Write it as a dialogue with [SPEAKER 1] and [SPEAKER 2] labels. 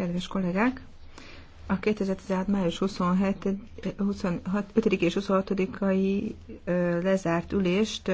[SPEAKER 1] kedves kollégák! A 2016. május 27, 26, 5. és 26 lezárt ülést